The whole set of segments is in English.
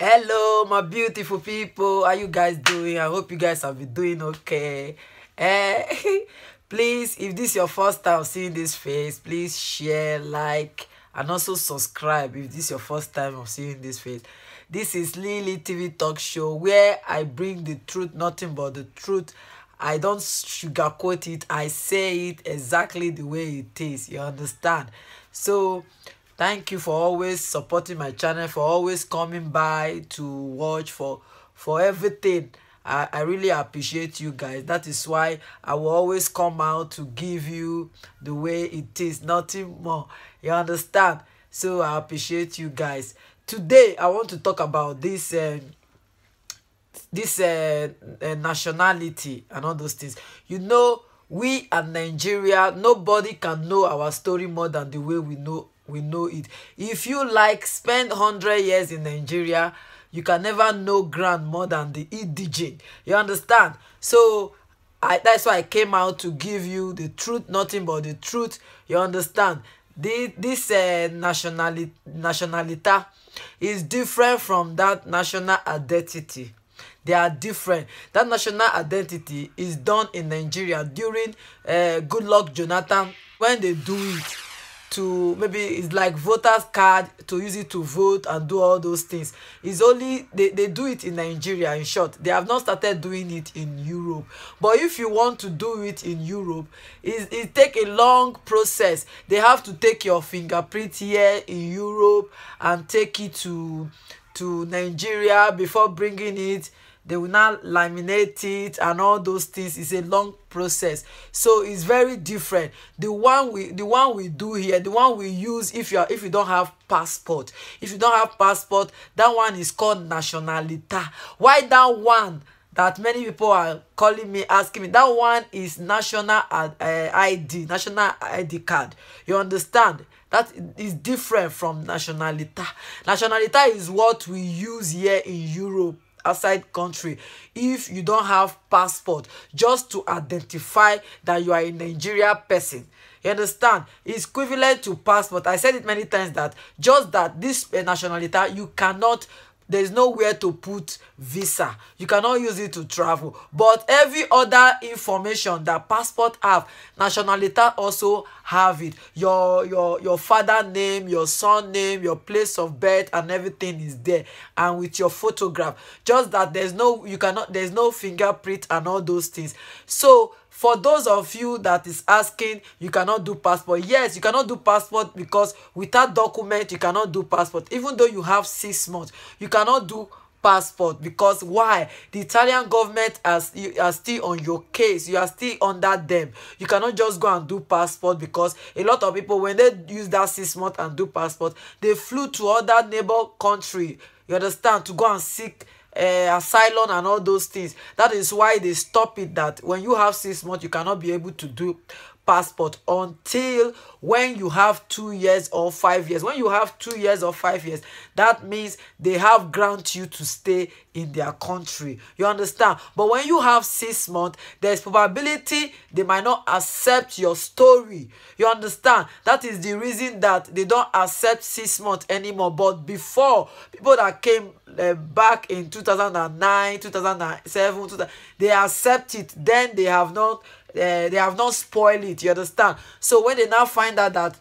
hello my beautiful people how you guys doing i hope you guys have been doing okay eh please if this is your first time seeing this face please share like and also subscribe if this is your first time of seeing this face this is lily tv talk show where i bring the truth nothing but the truth i don't sugarcoat it i say it exactly the way it is you understand so thank you for always supporting my channel for always coming by to watch for for everything I, I really appreciate you guys that is why I will always come out to give you the way it is nothing more you understand so I appreciate you guys today I want to talk about this um, this uh, uh, nationality and all those things you know we are Nigeria nobody can know our story more than the way we know we know it if you like spend 100 years in nigeria you can never know grand more than the edj you understand so I, that's why i came out to give you the truth nothing but the truth you understand the, this uh, nationality nationalita is different from that national identity they are different that national identity is done in nigeria during uh, goodluck jonathan when they do it to maybe it's like voters card to use it to vote and do all those things it's only they, they do it in nigeria in short they have not started doing it in europe but if you want to do it in europe it, it take a long process they have to take your fingerprint here in europe and take it to to nigeria before bringing it they will now laminate it and all those things it's a long process so it's very different the one we the one we do here the one we use if you are if you don't have passport if you don't have passport that one is called nationalita why that one that many people are calling me asking me that one is national uh, id national id card you understand that is different from nationalita nationalita is what we use here in europe outside country if you don't have passport just to identify that you are a nigeria person you understand it's equivalent to passport i said it many times that just that this eh, nationality you cannot there is nowhere to put visa you cannot use it to travel but every other information that passport have nationality also have it your your your father name your son name your place of birth and everything is there and with your photograph just that there is no you cannot There is no fingerprint and all those things so for those of you that is asking you cannot do passport yes you cannot do passport because without document you cannot do passport even though you have six months you cannot do passport because why the italian government as you are still on your case you are still under them you cannot just go and do passport because a lot of people when they use that six month and do passport they flew to other neighbor country you understand to go and seek uh, asylum and all those things that is why they stop it that when you have six months you cannot be able to do passport until when you have two years or five years. When you have two years or five years, that means they have granted you to stay in their country. You understand? But when you have six months, there's probability they might not accept your story. You understand? That is the reason that they don't accept six months anymore. But before, people that came uh, back in 2009, 2007, 2000, they accept it. Then they have not uh, they have not spoiled it you understand so when they now find out that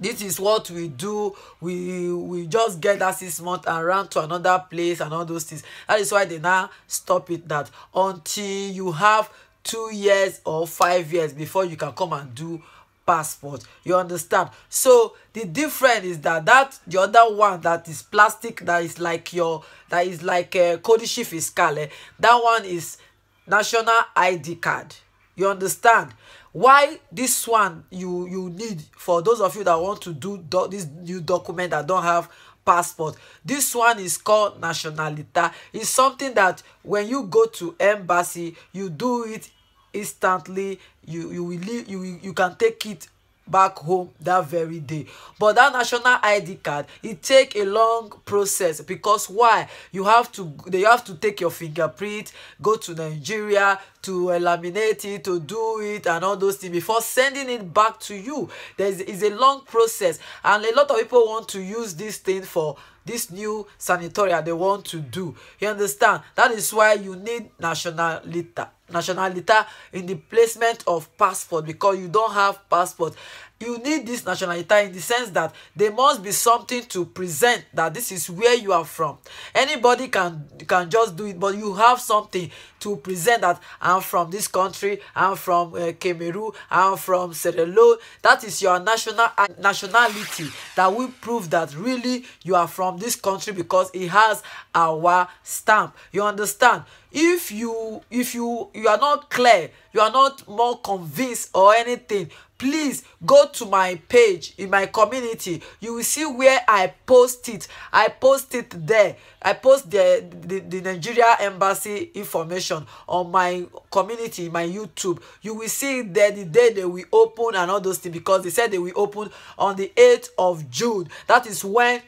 this is what we do we we just get that six month and run to another place and all those things that is why they now stop it that until you have two years or five years before you can come and do passport you understand so the difference is that that the other one that is plastic that is like your that is like a eh, kodishi fiscal that one is national id card you understand why this one you you need for those of you that want to do, do this new document that don't have passport this one is called nationalita it's something that when you go to embassy you do it instantly you you will leave, you you can take it back home that very day but that national id card it take a long process because why you have to they have to take your fingerprint go to nigeria to laminate it to do it and all those things before sending it back to you there is, a long process and a lot of people want to use this thing for this new sanitarium they want to do you understand that is why you need nationalita Nationality in the placement of passport because you don't have passport you need this nationality in the sense that there must be something to present that this is where you are from anybody can can just do it but you have something to present that i'm from this country i'm from uh, cameroon i'm from sierra leone that is your national uh, nationality that will prove that really you are from this country because it has our stamp you understand if you if you you are not clear you are not more convinced or anything please go to my page in my community you will see where i post it i post it there i post the the, the nigeria embassy information on my community my youtube you will see it there the day they will open and all those things because they said they will open on the 8th of june that is when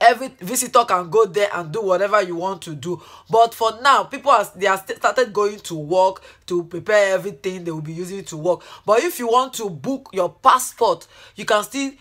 every visitor can go there and do whatever you want to do but for now people are they are started going to work to prepare everything they will be using to work but if you want to book your passport you can still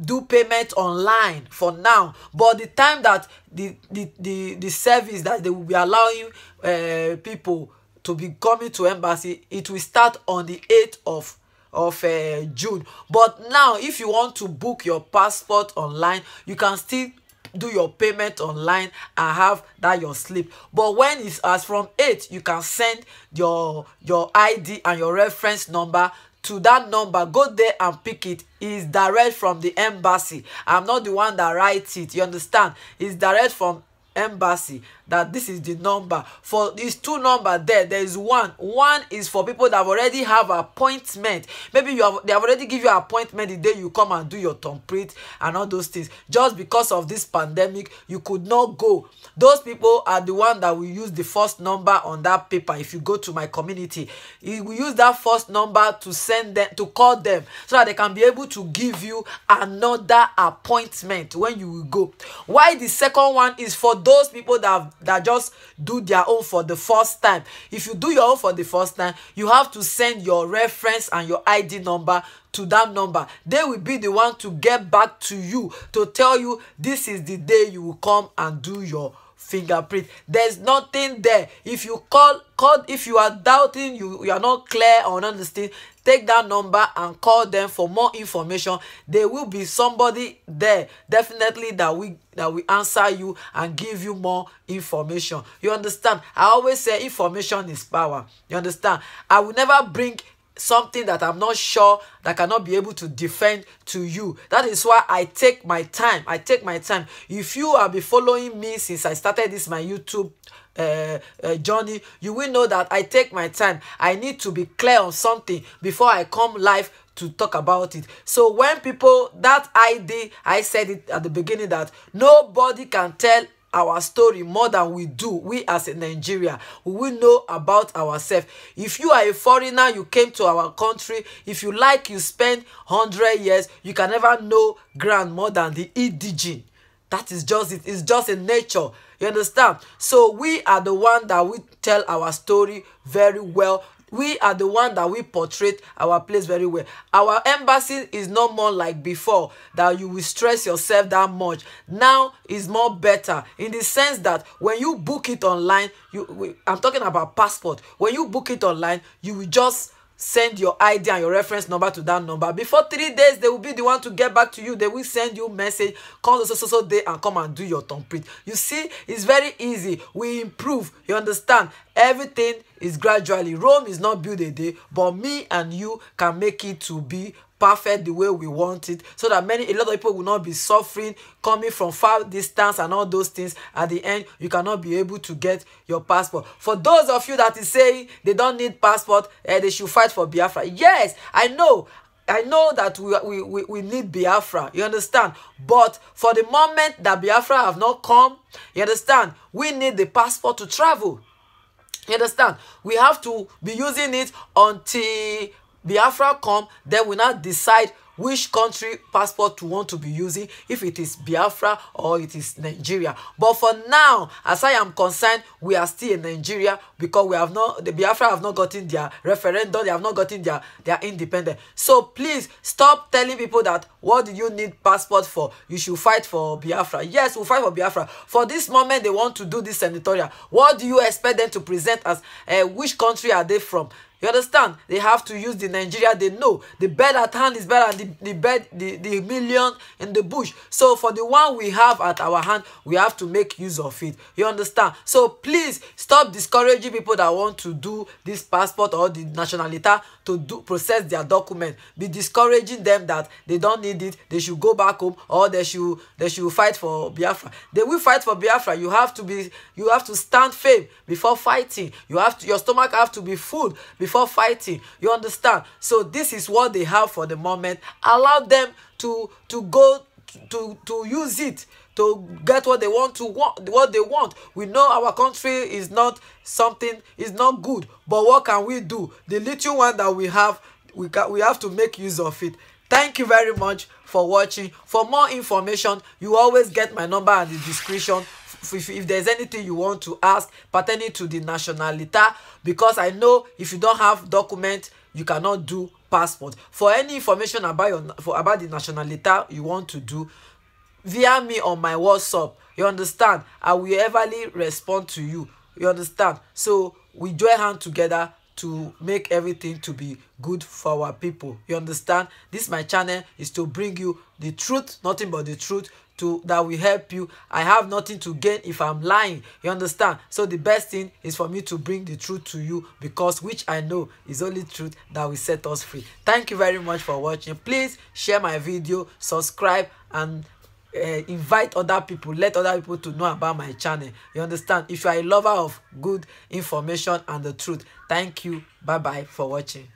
do payment online for now but the time that the the the, the service that they will be allowing uh, people to be coming to embassy it will start on the 8th of of uh, june but now if you want to book your passport online you can still do your payment online and have that your slip but when it's as from 8 you can send your your id and your reference number to that number go there and pick it is direct from the embassy i'm not the one that writes it you understand it's direct from embassy that this is the number for these two number there there is one one is for people that already have appointment maybe you have they have already give you appointment the day you come and do your thumbprint and all those things just because of this pandemic you could not go those people are the one that will use the first number on that paper if you go to my community we use that first number to send them to call them so that they can be able to give you another appointment when you will go why the second one is for those people that have that just do their own for the first time if you do your own for the first time you have to send your reference and your id number to that number they will be the one to get back to you to tell you this is the day you will come and do your fingerprint there's nothing there if you call call if you are doubting you you are not clear or understand take that number and call them for more information there will be somebody there definitely that we that will answer you and give you more information you understand i always say information is power you understand i will never bring something that I'm not sure that cannot be able to defend to you. That is why I take my time. I take my time. If you have been following me since I started this my YouTube uh, uh, journey, you will know that I take my time. I need to be clear on something before I come live to talk about it. So when people, that idea, I said it at the beginning that nobody can tell our story more than we do we as a nigeria we will know about ourselves if you are a foreigner you came to our country if you like you spend 100 years you can never know grand more than the indigene that is just it it's just a nature you understand so we are the one that we tell our story very well we are the one that we portray our place very well our embassy is no more like before that you will stress yourself that much now is more better in the sense that when you book it online you i'm talking about passport when you book it online you will just send your id and your reference number to that number before three days they will be the one to get back to you they will send you message come so so so day and come and do your thumbprint you see it's very easy we improve you understand everything is gradually rome is not built a day but me and you can make it to be perfect the way we want it so that many a lot of people will not be suffering coming from far distance and all those things at the end you cannot be able to get your passport for those of you that is saying they don't need passport eh, they should fight for biafra yes i know I know that we, we, we, we need Biafra, you understand? But for the moment that Biafra have not come, you understand? We need the passport to travel. You understand? We have to be using it until biafra come then we now decide which country passport you want to be using if it is biafra or it is nigeria but for now as i am concerned we are still in nigeria because we have not the biafra have not gotten their referendum they have not gotten their their independence so please stop telling people that what do you need passport for you should fight for biafra yes we we'll fight for biafra for this moment they want to do this senatorial what do you expect them to present as uh, which country are they from You understand? They have to use the Nigeria they know. The bed at hand is better than the, the bed, the, the million in the bush. So for the one we have at our hand, we have to make use of it. You understand? So please stop discouraging people that want to do this passport or the nationality to do process their document. Be discouraging them that they don't need it, they should go back home or they should they should fight for Biafra. They will fight for Biafra. You have to be you have to stand firm before fighting. You have to your stomach have to be full before before fighting you understand so this is what they have for the moment allow them to to go to to use it to get what they want to want what they want we know our country is not something is not good but what can we do the little one that we have we can we have to make use of it thank you very much for watching for more information you always get my number and the description if, if there's anything you want to ask pertaining to the nationality because i know if you don't have document you cannot do passport for any information about your for about the nationality you want to do via me on my whatsapp you understand i will everly respond to you you understand so we join hand together to make everything to be good for our people you understand this my channel is to bring you the truth nothing but the truth to that will help you i have nothing to gain if i'm lying you understand so the best thing is for me to bring the truth to you because which i know is only truth that will set us free thank you very much for watching please share my video subscribe and uh, invite other people let other people to know about my channel you understand if you are a lover of good information and the truth thank you bye bye for watching